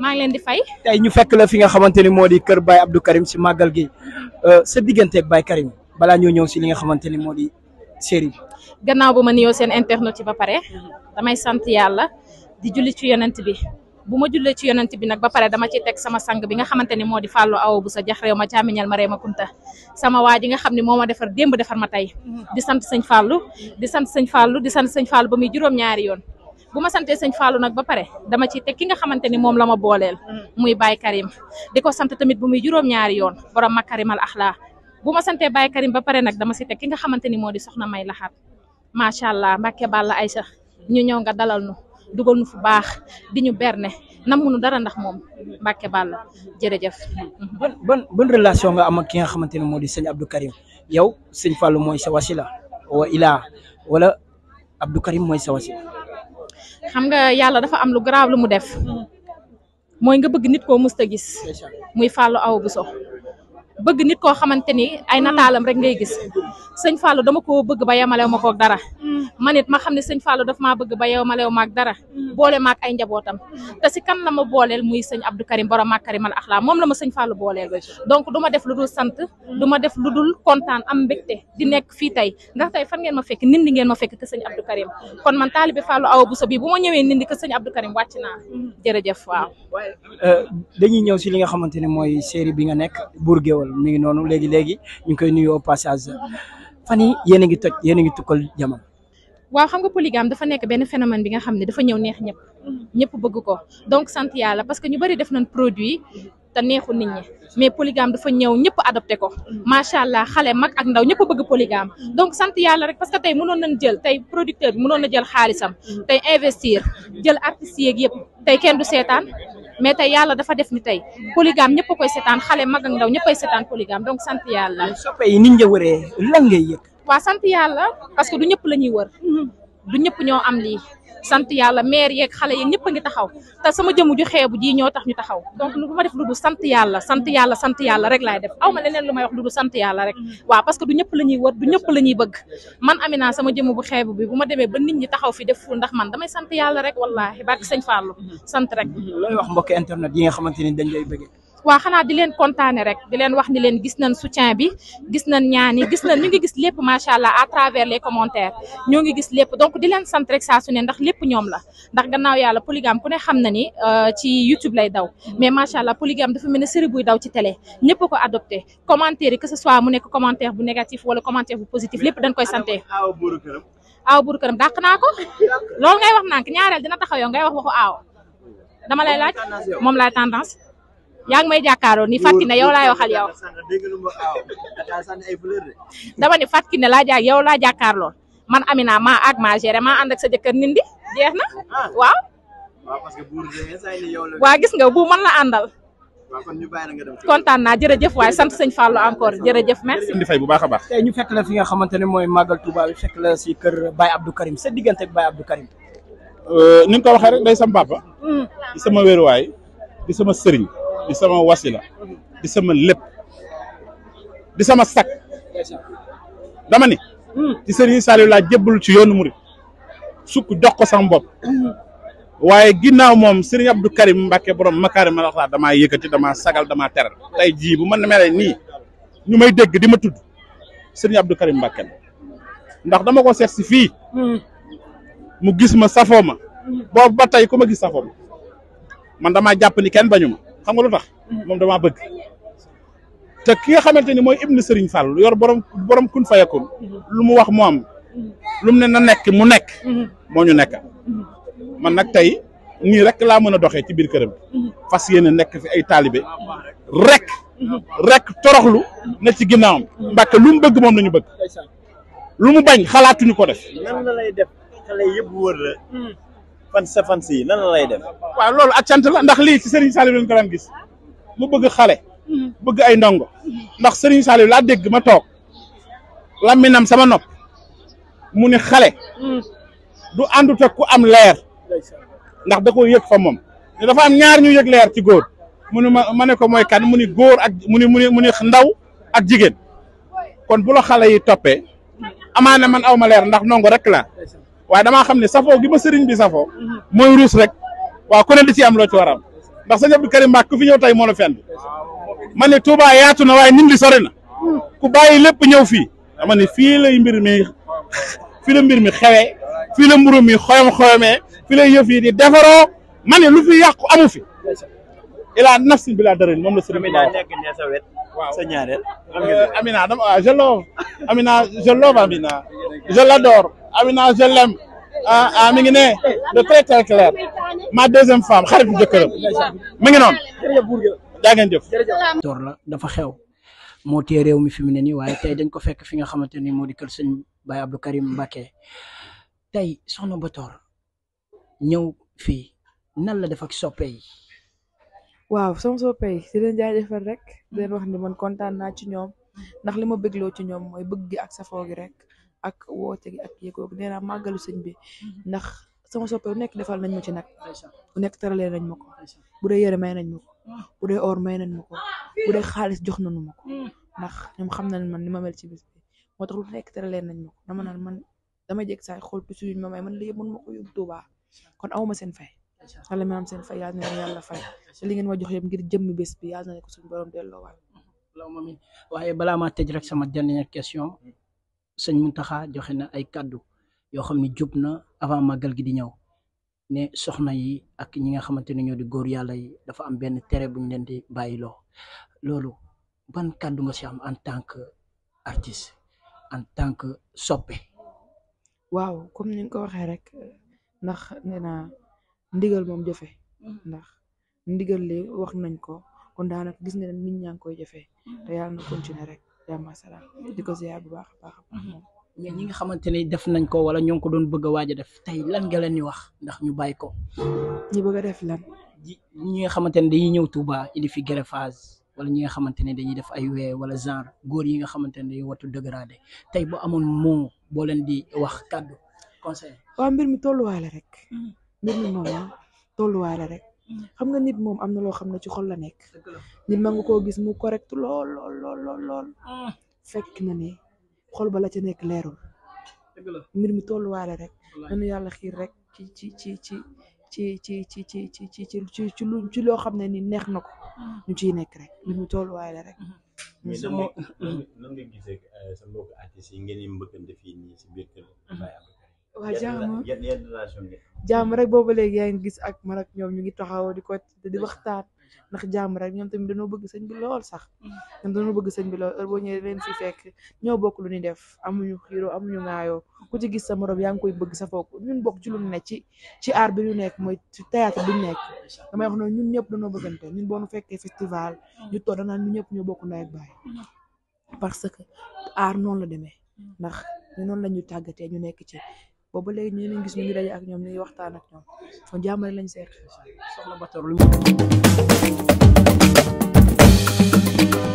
maa ngi leen di fay. tey ñu fekk la fi nga xamante ni moo di kër Baye Abdou Karim si màggal gi euh, sa digganteeg Baye Karim balaa ñoo ñëw si li nga xamante ni moo di série bi. gannaaw bu ma nuyoo seen internet ci ba pare damay sant yàlla di julli ci yonent bi bu ma jullee ci yonent bi nag ba pare dama ci teg sama sang bi nga xamante ni moo di fàllu awo bu sa jax réew ma caamiñal ma réew ma kunta sama waa ji nga xam ne moo ma defar démb defar ma tey di sant sëñ fàllu di sant sëñ fàllu di sant sëñ fàllu ba muy juróom-ñaari yoon bu ma santee sëñ Fallou nag ba pare dama ci teg ki nga xamante ni moom la ma booleel mm-hmm. muy Baye Karim di ko sant tamit bu muy juróom-ñaari yoon borom makarimal axla bu ma santee Baye Karim ba pare nag dama si teg ki nga xamante ni moo di soxna may laxaat macha allah la ay sax ñu ñëw nga dalal nu dugal nu fu baax di ñu berne na namuñu dara ndax moom Mbacke Balla jërëjëf. ban ban relation nga am ak ki nga xamante ne moo di sëñ Abdou Karim yow sëñ Fallou mooy sa wasila wa wala Abdou mooy sa xam nga yàlla dafa am lu garaaw lu mu def mooy nga bëgg nit koo musta gis muy aw bu Bousso bëgg nit koo xamante ni ay nataalam rek ngay gis sëñ Fallou dama ko bëgg ba yemale ma koog dara man nit ma xam ne sëñ Fallou daf maa bëgg ba yow ma leew maag dara mm. boole maag ay njabootam te si kan la ma booleel muy sëñ Abdou Karim borom maag Karimal laa moom la ma sëñ Fallou booleel donc du ma def lu dul sant du ma def lu dul kontaan am mbégte di nekk fii tey nga tey fan ngeen ma fekk nindi ngeen ma fekk ke sëñ Abdou Karim kon man taalibe Fallou Awa Bousso bi bu ma ñëwee nindi ke sëñ Abdou Karim wàcc naa mm. jërëjëf waaw euh, dañuy ñëw si li nga xamante ne mooy série bi nga nekk Bour Gueweul mi ngi noonu léegi-léegi ñu ngi koy nuyu au passage fan yi a ngi toj yéen a ngi tukkal jamono waaw xam nga polygame dafa nekk benn phénomène bi nga xam ne dafa ñëw neex ñëpp ñëpp bëgg ko donc sant yàlla parce que ñu bëri def nañ produit te neexul nit ñi mais polygame dafa ñëw ñëpp adopté ko macha allah xale mag ak ndaw ñëpp bëgg polygame donc sant yàlla rek parce que tey mënoon nañ jël tey producteur bi munoon na jël xaalisam tey investir jël artistes yeeg yëpp tey kenn du seetaan mais tey yàlla dafa def ni tey polygame ñëpp a koy seetaan xale mag ak ndaw ñëpp ay seetaan polygame donc sant yàlla. soppe yi niñ la wëree lan ngay waa sant yàlla parce que du ñëpp la ñuy wër du ñëpp ñoo am lii sant yàlla maire yeeg xale yeeg ñëpp a ngi taxaw te sama jëmu ju xeebu ji ñoo tax ñu taxaw donc lu ma def lu dul sant yàlla sant yàlla sant yàlla rek laay def aw ma leneen lu may wax lu dul sant yàlla rek waa parce que du ñëpp la ñuy wër du ñëpp la ñuy bëgg man Amina sama jëmu bu xeebu bi bu ma demee ba nit ñi taxaw fi def ful ndax man damay sant yàlla rek wallaahi barke sëñ Fallou mm-hmm. sant rek mm-hmm. looy wax mbokk internet yi nga xamante ni dañ lay bëgg waa xanaa di leen kontaane rek di leen wax ni leen gis nan soutien bi gis nañ ñaan yi gis nañ ñu ngi gis lépp macha allah à travers les commentaires ñoo ngi gis lépp donc di leen sant rek saa su ne ndax lépp ñoom la ndax gannaaw yàlla polygame ku ne xam na ni euh, ci YouTube lay daw mais macha allah polygame dafa mel ne série buy daw ci télé ñëpp ko adopté commentaire yi que ce soit mu nekk commentaire bu négatif wala commentaire bu positif lépp dañ koy sante aaw buuru këram dàq naa ko loolu ngay wax nànk ñaareel dina taxaw yow ngay wax waxu aaw dama lay laaj moom laay tendance yaa ngi may jàkkaaroo ni Fatou Kiné yow laay waxal yow dama ni ki ne laa jàkk yow laa jàkkaarloo man Amina maa ak maa géré maa ànd ak sa jëkkër nindi jeex na waaw. waa gis nga bu man la àndal. kontaan naa jëf waaye sant sëñ Fallou encore jërëjëf merci. indi fay bu baax a baax. tey ñu fekk la fi nga xamante ne mooy màggal Touba bi fekk la si kër Baye Abdou Karim sa diggante ak Baye Abdou Karim. Euh, ni nga ko waxee rek day sama papa. Mm. di sama wéruwaay di sama sëriñ. di sama wasila di sama lépp di sama sak dama ni ci Serigne Saliou laa jébbal ci yoonu murid sukk jox ko sama bopp waaye ginnaaw moom Serigne Abdou Karim Mbacke borom Makarimal Akhlaq damaa yëkkati damaa sagal damaa teral tey jii bu ma mel nii ñu may dégg di ma tudd Serigne Abdou Karim Mbacke ndax dama ko seet si fii mu gis ma safoo ma boobu ba tey ko ma gis safoo man damaa jàpp ni kenn bañu ma xam nga lu tax moom damaa bëgg te ki nga xamante ni mooy ibnu sëriñ lu yor borom borom kun fayakun lu mu wax mu am lu mu ne na nekk mu nekk moo ñu nekk man nag tey nii rek laa mën a doxee ci biir këram fas yéene nekk fi ay taalibe rek rek toroxlu ne ci ginnaawam mbàkke lu mu bëgg moom la ñu bëgg lu mu bañ xalaatuñu ko def la lay yëpp fan sa fan loolu ak cant la ndax lii ci Serigne Saliou lañ ko gis mu bëgg xale. bëgg ay ndongo. ndax Serigne Saliou laa dégg ma toog làmminam sama nopp mu ne xale. du àndut ak ku am leer. ndax da ko yëg fa moom. te dafa am ñaar ñu yëg leer ci góor. mu ne ma ma ne ko mooy kan mu ni góor ak mu ni mu mu ni ndaw ak jigéen kon bu la xale yi toppee ne man aw ma leer ndax ndongo rek la waaye damaa xam ne safoo gi ma sëriñ bi safoo mooy ruus rek waaw ku ne ci am loo ci waram ndax sëñ Abdou Karim Mbacke ku fi ñëw tey moo la fenn ma ne Touba yaatu na waaye nim li sori na ku bàyyi lépp ñëw fii dama ne fii lay mbir mi fii la mbir mi xewee fii la mburu mi xoyom xoyomee fii la di defaroo ma ne lu fi yàqu amu fi ilaa nafsin bi laa dara moom la sëriñ bi nekk ne sa wet sa euh, Amina dama je love Amina je Amina je Amina je l'aime ah, ah mi ne de très très clair ma deuxième femme xaritu jëkkëram mi ngi noonu jaa la dafa xew moo téye réew mi fi mu ne nii waaye tey dañ ko fekk fi nga xamante ni moo di kër sëñ Baye Abdou Karim Mbacké tey soxna Bator ñëw fii nan la def ak soppe yi. waaw sama soppe yi di rek di wax ni man kontaan naa ci ñoom ndax li ma bëgloo ci ñoom mooy bëgg gi ak safoo gi rek. ak wo gi ak yëgoo gi nee naa màggalu sëñ bi mhm. ndax sama soppe bu nekk defal nañ ma ci nag bu nekk nañ ma ko bu may nañ ma ko mhm. bu dee or may nañ ma ko xaalis jox nañu ma ko mhm. ndax ñoom xam na man ni ma mel ci bis bi moo tax lu nekk teralee nañ ma ko dama naan man dama jég saay xool tuuti yuñ ma may man lii mën ma ko yóbbu Tuubaa kon awma seen fay yàlla mi seen fay yal na leen yàlla fay te li ngeen ma jox yëpp ngir jëmmi bés bi yàlla na ko suñu borom delloowaat waaye balaa maa tëj rek sama dernière question sëñ Muntaxa joxe na ay kàddu yoo xam ne jub na avant màggal gi di ñëw ne soxna yi ak ñi nga xamante ne ñoo di góor yàlla yi dafa am benn tere bu ñu leen di bàyyiloo loolu ban kàddu nga si am en tant que artiste en tant soppe. waaw comme ni ko waxee rek ndax nee naa ndigal moom jafe mm-hmm. ndax ndigal le wax nañ ko kon daanaka gis nañ ne nit ñaa koy jëfee mm-hmm. te yàlla na continuer jàmm ak salaam di ko ziar bu baax baax mhm. mais ñi nga xamante ni def nañ ko wala ñoo ngi ko doon bëgg waaja waaj def tey lan nga leen di wax ndax ñu bàyyi ko. ñi bëgg a def lan. ñi nga xamante ne dañuy ñëw Touba indi fi greffage wala ñi nga xamante ne dañuy def ay wee wala genre góor yi nga xamante ne dañuy wattu dégradé tey bu amoon moo boo leen di wax kàddu conseil. waaw mbir mi tolluwaale rek. Mhm. rek. xam nga nit moom am na loo xam ne ci xol la nekk nit ma nga koo gis mu correct lool lool lool fekk na ne xol ba la ca nekk leerul mbir mu tolluwaale rek nanu yàlla xiir rek ci ci ci ci ci ci ci ci ci ci ci loo xam ne ni neex na ko ñu ciy nekk rek mbir mu tolluwaale rek mais nan nga yi ngeen mbëkkante fii nii si waa jàmm yéen relation bi jàmm rek boobu léegi yaa ngi gis ak man ñoom ñu ngi taxaw di ko di waxtaan ndax jàmm rek ñoom tamit dañoo bëgg sëñ bi lool sax mm. ñoom dañoo bëgg sëñ bi lool heure boo ñëwee leen si fekk ñoo bokk lu ñuy def amuñu xiiroo amuñu ngaayoo ku ci gis sa morom yaa ngi koy bëgg sa foog ñun bokk ci lu ne ci ci aar bi ñu nekk mooy ci théâtre bi ñu nekk damay wax noonu ñun ñëpp dañoo bëggante ñun boo ñu fekkee festival ñu toog danaan ñun ñëpp ñoo bokk ndey ak baay mm. parce que aar noonu la demee mm. ndax ñu noonu la ñu tàggatee ñu nekk ci booba léegi ñu leen gis ñu ngi daje ak ñoom ñu waxtaan ak ñoom kon jàmmale lañ seet soxla Bator lu